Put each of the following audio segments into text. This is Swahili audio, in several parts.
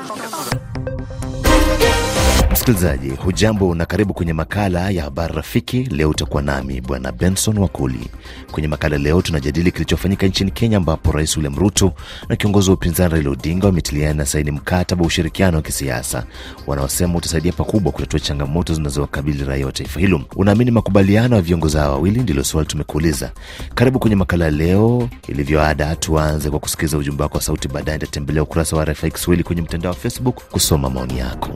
大宝。Msikilizaji hujambo na karibu kwenye makala ya habari rafiki. Leo utakuwa nami bwana Benson Wakuli. Kwenye makala leo tunajadili kilichofanyika nchini Kenya, ambapo Rais William Ruto na kiongozi wa upinzani Raila Odinga wametiliana saini mkataba wa ushirikiano wa kisiasa wanaosema utasaidia pakubwa kutatua changamoto zinazowakabili raia wa taifa hilo. Unaamini makubaliano ya viongozi hawa wawili? Ndilo swali tumekuuliza. Karibu kwenye makala leo. Ilivyoada, tuanze kwa kusikiliza ujumbe wako wa sauti, baadaye nitatembelea ukurasa wa RFI Kiswahili kwenye mtandao wa Facebook kusoma maoni yako.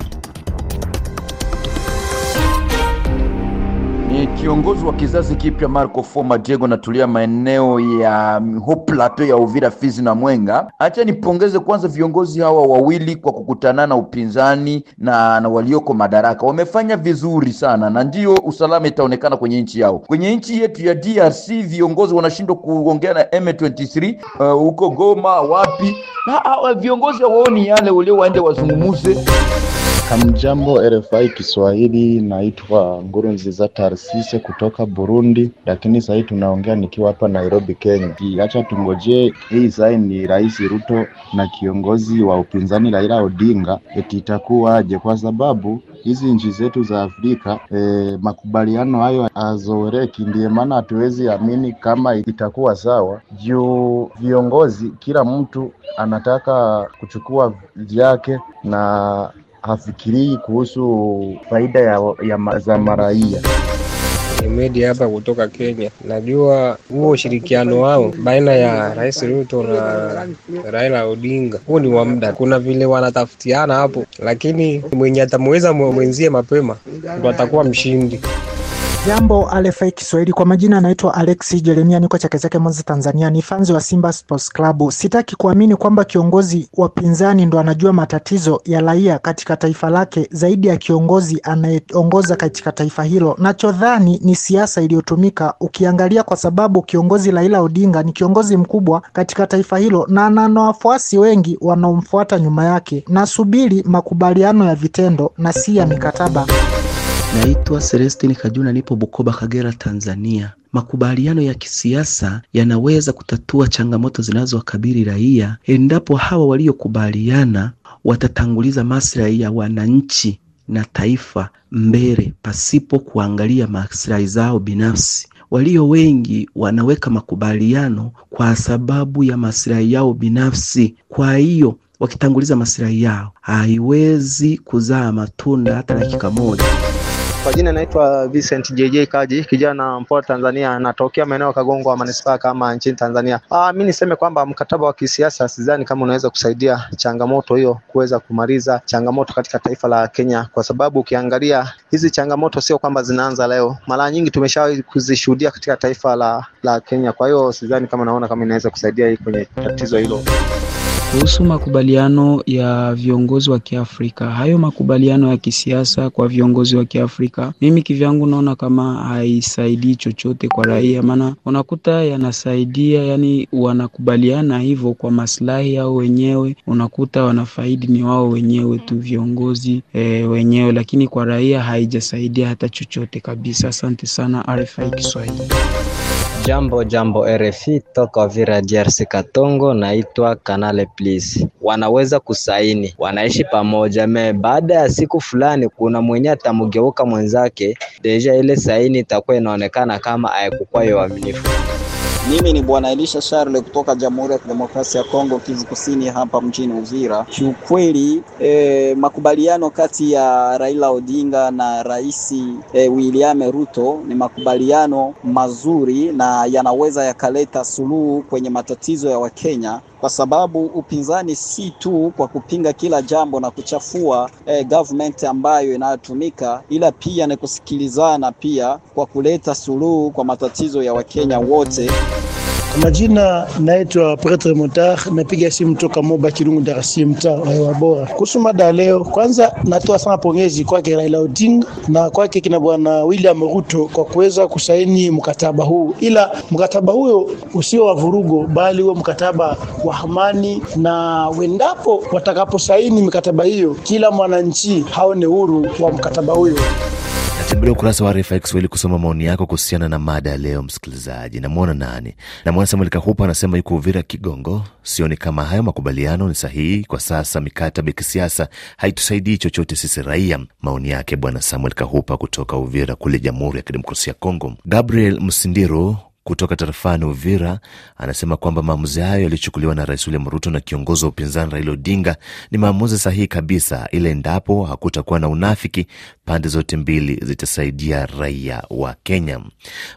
kiongozi wa kizazi kipya Marco Foma Diego natulia maeneo ya mm, ho ya Uvira, Fizi na Mwenga. Acha nipongeze kwanza viongozi hawa wawili kwa kukutana na upinzani na, na walioko madaraka wamefanya vizuri sana, na ndiyo usalama itaonekana kwenye nchi yao. Kwenye nchi yetu ya DRC viongozi wanashindwa kuongea na M23 uh, huko uh, Goma wapi, na hawa ah, viongozi hawaoni yale, walio waende wazungumuze Hamjambo RFI Kiswahili, naitwa Nguru Nziza Tarsise kutoka Burundi, lakini sahii tunaongea nikiwa hapa Nairobi, Kenya. Acha tungojee hii sai ni Rais Ruto na kiongozi wa upinzani Raila Odinga, eti itakuwaje? Kwa sababu hizi nchi zetu za Afrika e, makubaliano hayo azoreki, Ndiye maana hatuwezi amini kama itakuwa sawa, juu viongozi, kila mtu anataka kuchukua vyake na hafikirii kuhusu faida ya, ya za maraia. Media hapa kutoka Kenya. Najua huo ushirikiano wao baina ya Rais Ruto na Raila Odinga huo ni wa muda, kuna vile wanatafutiana hapo, lakini mwenye atamweza mwenzie mapema ndo atakuwa mshindi. Jambo RFI Kiswahili, kwa majina anaitwa Alex Jeremia, niko Chakezeke, Mwanza, Tanzania. Ni fanzi wa Simba Sports Club. Sitaki kuamini kwamba kiongozi wa pinzani ndo anajua matatizo ya raia katika taifa lake zaidi ya kiongozi anayeongoza katika taifa hilo. Nachodhani ni siasa iliyotumika, ukiangalia kwa sababu kiongozi Raila Odinga ni kiongozi mkubwa katika taifa hilo na ana wafuasi wengi wanaomfuata nyuma yake. Nasubiri makubaliano ya vitendo na si ya mikataba. Naitwa Celestine Kajuna, nipo Bukoba, Kagera, Tanzania. Makubaliano ya kisiasa yanaweza kutatua changamoto zinazowakabili raia endapo hawa waliokubaliana watatanguliza maslahi ya wananchi na taifa mbele pasipo kuangalia maslahi zao binafsi. Walio wengi wanaweka makubaliano kwa sababu ya maslahi yao binafsi, kwa hiyo wakitanguliza maslahi yao haiwezi kuzaa matunda hata dakika moja. Kwa jina naitwa Vincent JJ Kaji, kijana mpoa Tanzania, natokea maeneo ya Kagongwa manispaa kama nchini Tanzania. Ah, mimi niseme kwamba mkataba wa kisiasa sidhani kama unaweza kusaidia changamoto hiyo kuweza kumaliza changamoto katika taifa la Kenya, kwa sababu ukiangalia hizi changamoto sio kwamba zinaanza leo, mara nyingi tumeshawahi kuzishuhudia katika taifa la, la Kenya. Kwa hiyo sidhani kama naona kama inaweza kusaidia kwenye tatizo hilo. Kuhusu makubaliano ya viongozi wa Kiafrika, hayo makubaliano ya kisiasa kwa viongozi wa Kiafrika, mimi kivyangu naona kama haisaidii chochote kwa raia, maana unakuta yanasaidia, yani wanakubaliana hivyo kwa maslahi yao wenyewe, unakuta wanafaidi ni wao wenyewe tu viongozi e, wenyewe, lakini kwa raia haijasaidia hata chochote kabisa. Asante sana RFI Kiswahili. Jambo jambo RFI toka Uvira DRC Katongo, naitwa Kanale Please. Wanaweza kusaini, wanaishi pamoja me, baada ya siku fulani kuna mwenye atamgeuka mwenzake, deja ile saini itakuwa inaonekana kama haikukuwa uaminifu. Mimi ni Bwana Elisha Sharle kutoka Jamhuri ya Kidemokrasia ya Kongo, Kivu Kusini, hapa mjini Uvira. Kiukweli e, makubaliano kati ya Raila Odinga na Rais e, William Ruto ni makubaliano mazuri na yanaweza yakaleta suluhu kwenye matatizo ya Wakenya kwa sababu upinzani si tu kwa kupinga kila jambo na kuchafua eh, government ambayo inayotumika, ila pia ni kusikilizana pia kwa kuleta suluhu kwa matatizo ya Wakenya wote. Majina naitwa Pretre motar napiga simu toka Moba Kirungu, Dar es Salaam, mtaa wa Bora. Kuhusu mada leo, kwanza natoa sana pongezi kwake Raila Odinga na kwake kina bwana William Ruto kwa kuweza kusaini mkataba huu, ila mkataba huyo usio wa vurugo, bali huo mkataba wa amani, na wendapo watakaposaini mikataba hiyo, kila mwananchi haone uhuru wa mkataba huyo tembelea ukurasa wa RFI Kiswahili kusoma maoni yako kuhusiana na mada ya leo. Msikilizaji, namwona nani? Namwona Samuel Kahupa, anasema yuko Uvira Kigongo. Sioni kama hayo makubaliano ni sahihi kwa sasa, mikataba ya kisiasa haitusaidii chochote sisi raia. Maoni yake Bwana Samuel Kahupa kutoka Uvira kule Jamhuri ya Kidemokrasia ya Kongo. Gabriel Msindiro kutoka tarafani Uvira anasema kwamba maamuzi hayo yaliyochukuliwa na Rais William Ruto na kiongozi wa upinzani Raila Odinga ni maamuzi sahihi kabisa, ila endapo hakutakuwa na unafiki, Pande zote mbili zitasaidia raia wa Kenya.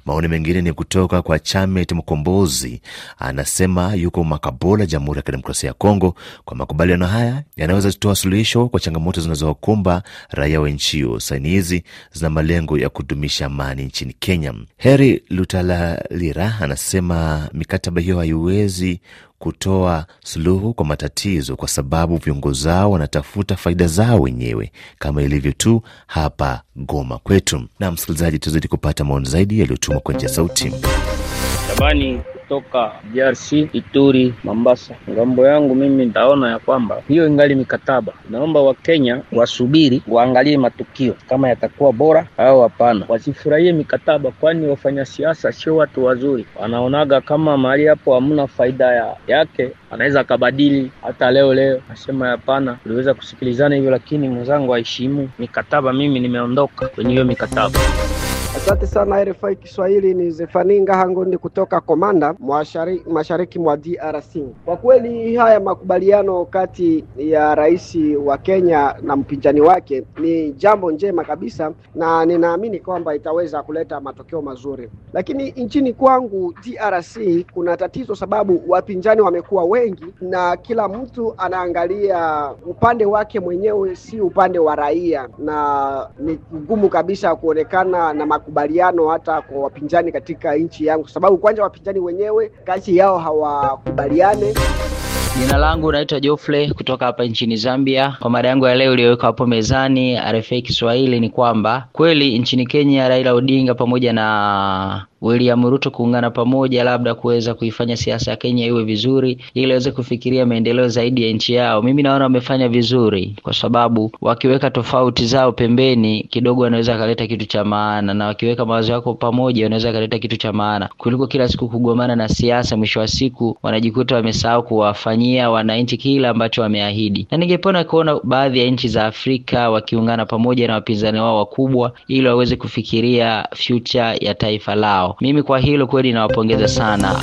Maoni mengine ni kutoka kwa Chamet Mkombozi, anasema yuko Makabola, Jamhuri ya Kidemokrasia ya Kongo. Kwa makubaliano haya yanaweza kutoa suluhisho kwa changamoto zinazowakumba raia wa nchi hiyo. Saini hizi zina malengo ya kudumisha amani nchini Kenya. Heri Lutalalira anasema mikataba hiyo haiwezi kutoa suluhu kwa matatizo, kwa sababu viongozi wao wanatafuta faida zao wenyewe, kama ilivyo tu hapa Goma kwetu. Na msikilizaji, tuzidi kupata maoni zaidi yaliyotumwa kwa njia sauti. Shabani kutoka DRC Ituri, Mombasa. Ngambo yangu mimi nitaona ya kwamba hiyo ingali mikataba. Naomba Wakenya wasubiri waangalie matukio kama yatakuwa bora au hapana, wasifurahie mikataba, kwani wafanya siasa sio watu wazuri. Wanaonaga kama mahali hapo hamna faida ya yake, anaweza akabadili hata leo leo. Nasema hapana, tuliweza kusikilizana hivyo, lakini mwenzangu aheshimu mikataba. Mimi nimeondoka kwenye hiyo mikataba. Asante sana RFI Kiswahili, ni Zefani Ngaha Ngondi kutoka Komanda mwashari, mashariki mwa DRC. Kwa kweli haya makubaliano kati ya rais wa Kenya na mpinzani wake ni jambo njema kabisa, na ninaamini kwamba itaweza kuleta matokeo mazuri, lakini nchini kwangu DRC kuna tatizo, sababu wapinzani wamekuwa wengi na kila mtu anaangalia upande wake mwenyewe, si upande wa raia, na ni ngumu kabisa kuonekana na maku makubaliano hata kwa wapinzani katika nchi yangu, kwa sababu kwanza wapinzani wenyewe kazi yao hawakubaliane. Jina langu naitwa Geoffrey kutoka hapa nchini Zambia. Kwa mada yangu ya leo iliyowekwa hapo mezani RFA Kiswahili ni kwamba kweli nchini Kenya Raila Odinga pamoja na William Ruto kuungana pamoja labda kuweza kuifanya siasa ya Kenya iwe vizuri ili waweze kufikiria maendeleo zaidi ya nchi yao. Mimi naona wamefanya vizuri kwa sababu wakiweka tofauti zao pembeni kidogo wanaweza akaleta kitu cha maana, na wakiweka mawazo yako pamoja wanaweza akaleta kitu cha maana kuliko kila siku kugomana na siasa. Mwisho wa siku wanajikuta wamesahau kuwafanya kuwafanyia wananchi kile ambacho wameahidi, na ningependa kuona baadhi ya nchi za Afrika wakiungana pamoja na wapinzani wao wakubwa ili waweze kufikiria future ya taifa lao. Mimi kwa hilo kweli nawapongeza sana.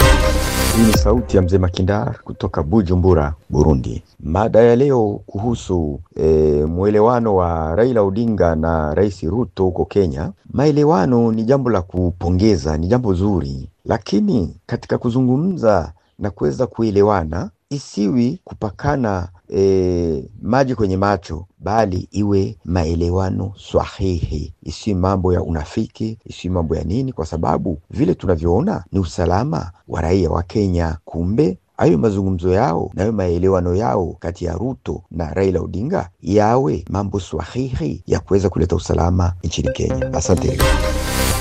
Hii ni sauti ya mzee makindar kutoka Bujumbura, Burundi. Mada ya leo kuhusu e, mwelewano wa Raila Odinga na Rais Ruto huko Kenya. Maelewano ni jambo la kupongeza, ni jambo zuri, lakini katika kuzungumza na kuweza kuelewana isiwi kupakana e, maji kwenye macho, bali iwe maelewano sahihi, isiwi mambo ya unafiki, isiwi mambo ya nini, kwa sababu vile tunavyoona ni usalama wa raia wa Kenya. Kumbe hayo mazungumzo yao na hayo maelewano yao kati ya Ruto na Raila Odinga yawe mambo sahihi ya kuweza kuleta usalama nchini Kenya. Asante.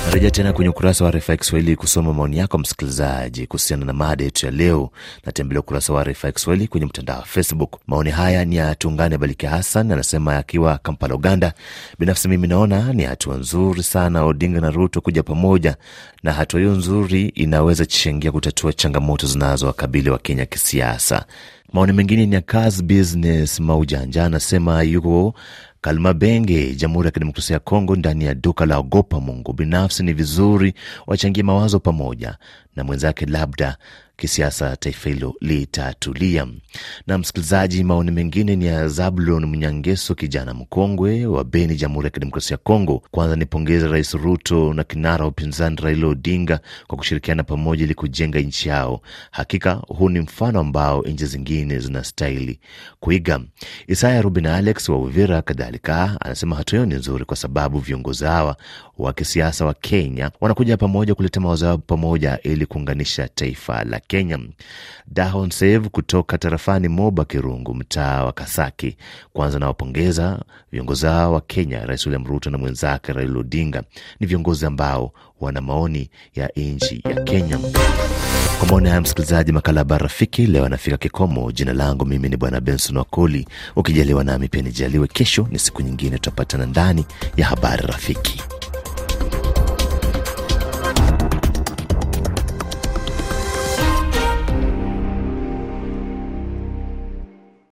Narejea tena kwenye ukurasa wa RFI Kiswahili kusoma maoni yako msikilizaji kuhusiana na mada yetu ya leo. Natembelea ukurasa wa RFI Kiswahili kwenye mtandao wa Facebook. Maoni haya ni ya Tungane Balike Hassan, anasema akiwa Kampala, Uganda. Binafsi mimi naona ni hatua nzuri sana Odinga na Ruto kuja pamoja, na hatua hiyo nzuri inaweza chishangia kutatua changamoto zinazowakabili wa Kenya kisiasa. Maoni mengine ni ya kas Business Maujanja, anasema yuko Kalmabenge, Jamhuri ya Kidemokrasia ya Kongo, ndani ya duka la Ogopa Mungu. Binafsi ni vizuri wachangie mawazo pamoja, na mwenzake, labda kisiasa taifa hilo litatulia. Na msikilizaji, maoni mengine ni ya Zabulon Mnyangeso, kijana mkongwe wa Beni, Jamhuri ya Kidemokrasia ya Kongo. Kwanza nipongeze Rais Ruto na kinara wa upinzani Raila Odinga kwa kushirikiana pamoja ili kujenga nchi yao. Hakika huu ni mfano ambao nchi zingine zinastahili kuiga. Isaya Rubin Alex wa Uvira kadhalika anasema hatua hiyo ni nzuri, kwa sababu viongozi hawa wa kisiasa wa Kenya wanakuja pamoja kuleta mawazo yao pamoja ili ili kuunganisha taifa la Kenya. Dahonsev kutoka tarafani Moba Kirungu, mtaa wa Kasaki, kwanza nawapongeza viongozi hao wa Kenya, Rais William Ruto na mwenzake Raila Odinga. Ni viongozi ambao wana maoni ya nchi ya Kenya. Kwa maoni haya, msikilizaji, makala ya bara rafiki leo anafika kikomo. Jina langu mimi ni Bwana Benson Wakoli. Ukijaliwa nami pia nijaliwe, kesho ni siku nyingine, tutapatana ndani ya habari rafiki.